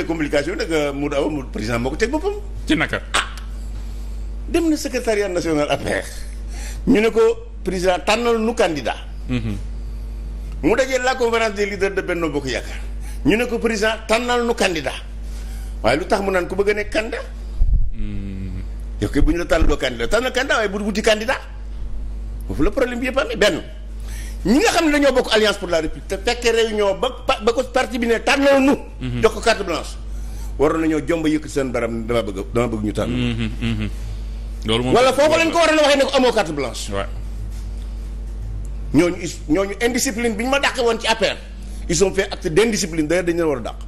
aspect communication nag euh, Moudou Awa Moudou président moo ko teg boppam. ci naka. Ah! dem na secrétariat national APR. ñu ne ko président tànnal nu candidat. Mhm. mu dajee la conférence des leaders de Benno Bokk Yaakaar. ñu ne ko président tànnal nu candidat. waaye lu tax mu naan ku bëgg a nekk candidat. Mhm. yow bu ñu la tànnaloo candidat tànnal candidat waaye bu wuti candidat. foofu la problème bi yëpp benn. ñi nga xam ne dañoo bokk alliance pour la république te fekkee ñoo ba ba ko parti bi ne tànnal nu mhm. jox ko carte blanche waroon nañoo jomba yëkkati seen baram dama bëgg dama bëgg ñu tànn mhm, mhm. loolu moom wala foofu lañ ko waroon a waxee ne ko amoo carte blanche ñooñu ñooñu indiscipline bi ñu ma dàqe woon ci APR ils ont fait acte d'indiscipline d'ailleurs dañu leen war a dàq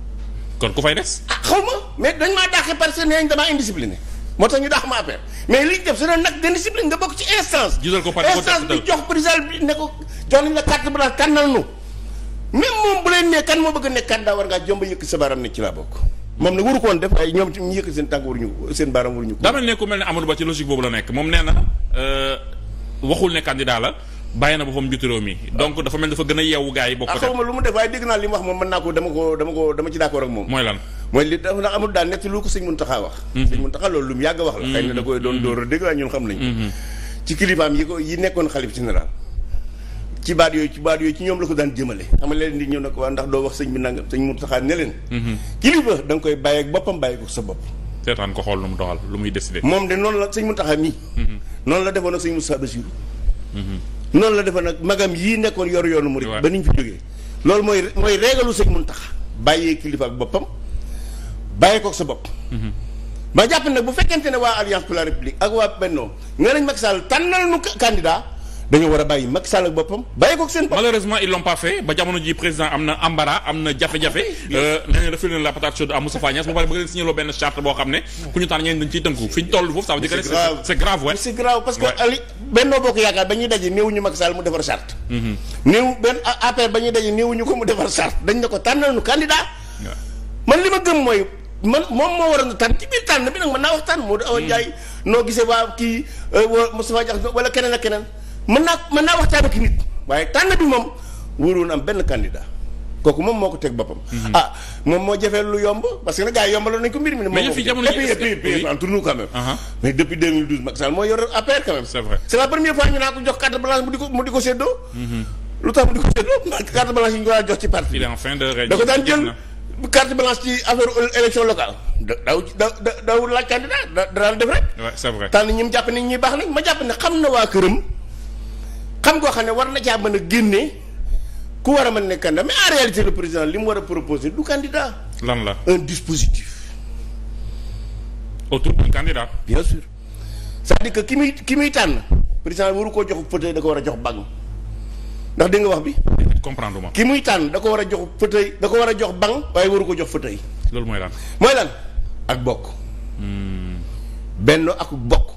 kon ku fay des ah xaw ma mais dañ maa dàqe parce que nee nañ damaa indiscipliné moo tax ñu daax ma affaire mais li ñu su doon nag de discipline nga bokk ci instance. instance bi jox président bi ne ko jox nañ la carte blanche tànnal nu même moom bu leen nee kan moo bëgg a nekk candidat war ngaa jomba yëkk sa baaraam ne ci laa bokk. moom nag waru ko woon def ay ñoom ñu yëkk seen tànk ne ku mel ne Amadou Ba boobu la nekk moom na euh, waxul ne candidat la. bàyyi na boppam réew mi donc dafa mel dafa gën a yeewu gars yi bokk ah, xawma lu mu def dégg naa li mu wax moom mën naa ko dama ko dama ko dama ci d'accord moom mooy li dafa na amul daan nekk lu ko sëñ Muntaxa wax mhm. sëñ Muntaxa mhm. a dégg waaye ñun xam nañ mhm. ci kilifaam yi ko yi nekkoon xalif général ci baat yooyu ci baat yooyu ci ñoom la ko daan jëmale xama leen di ñëw ne ko waa ndax wax sëñ bi nangam sëñ Muntaxa ne leen kilifa da nga koy bàyyi ak boppam bàyyi ko sa bopp seetaan ko xool lu mu doxal lu moom de noonu la sëñ Muntaxa mii noonu la defoon ak sëñ Moussa Bassirou noonu la defoon ak magam yii nekkoon yor yoonu murid ba niñ fi jógee loolu mooy mooy réegalu sëñ Muntaxa bàyyee kilifa ak boppam bàyyi ko sa bopp. ma jàpp nag bu fekkente ne waa alliance pour la république ak waa Benno nee nañ Macky tànnal nu candidat dañoo war a bàyyi Macky Sall ak boppam bàyyi seen bopp. malheureusement ils l'ont pas ba jamono ji président am na ambara am na jafe-jafe. Ah, euh, nañ refilé la patate chaude à Moustapha Niass bu paree bëgg leen signé loo benn charte boo xam ne. ku ñu tànn ñeen dañ ciy tënku fi ñu foofu ça veut dire que c'est Yaakaar ba ñuy man moom moo waroon a tànn ci biir tànn bi nag mën naa waxtaan moo di Awa hmm. Ndiaye noo gisee waa kii euh, Moustapha Diakhaté wala keneen ak keneen mën naa mën naa waxtaan ak nit waaye tànn bi moom wóoroon am benn candidat kooku moom moo ko teg boppam. Hmm. ah moom moo jafee lu yomb parce que nag gars yi yombaloon ko mbir mi. mais fi uh-huh. moo yor APR quand même. c'est la première fois ñu naa ko jox carte blanche mu di ko mu di ko séddoo. Mm-hmm. lu tax mu di ko séddoo carte blanche yi carte blanche ci affaire élection locale daaw da daaw laaj candidat da daan def rek. waaw tànn ñi mu jàpp ne ñi baax nañ ma jàpp ne xam na waa këram xam koo xam ne war na caa mën a génne ku war a mën ne candidat mais en réalité le président li mu war a proposer du candidat. lan la un dispositif. autour du candidat. bien sûr cest à que ki muy ki muy tànn président waru koo jox fauteuil da ko war a jox bàgg ndax dégg nga wax bi. comprendre ma. ki muy tànn da ko war a jox fauteuil da ko war a jox banc waaye waru ko jox fauteuil. loolu mooy lan. mooy lan ak bokk. Hmm. bennoo ak bokk.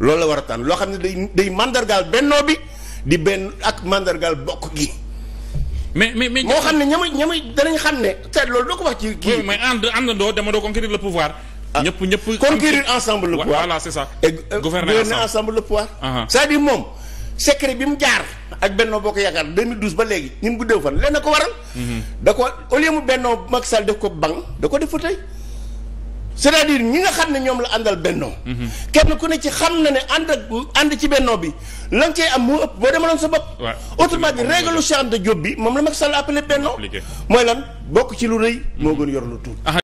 loolu la war a tànn loo xam ne day day mandargaal bennoo bi di benn ak mandargaal bokk gi. mais mais mais moo xam ne ñamay ñamay danañ xam ne seet loolu doo ko wax ci kii mais ànd àndandoo dama doo conquérir le pouvoir ah. ñëpp ñëpp conquérir ensemble le pouvoir voilà c'est ça et euh, gouverner ensemble le pouvoir uh-huh. moom secret bi mu jaar ak Benno Bokk Yaakaar 2012 ba léegi ñun bu déw fan lenn ko waral. Mhm. da ko au mu Benno Macky Sall def ko bang da ko def fa tey c'est-à-dire ñi nga xam ne ñoom la àndal Benno. Mhm. kenn ku ne ci xam na ne ànd ak ànd ci Benno bi la nga am moo ëpp boo demaloon sa bopp. waaw autrement dit réglu Cheikh Anta Diop bi moom la Macky Sall appelé Benno. mooy lan bokk ci lu rëy. moo mhm. gën yor lu tuut. Ah,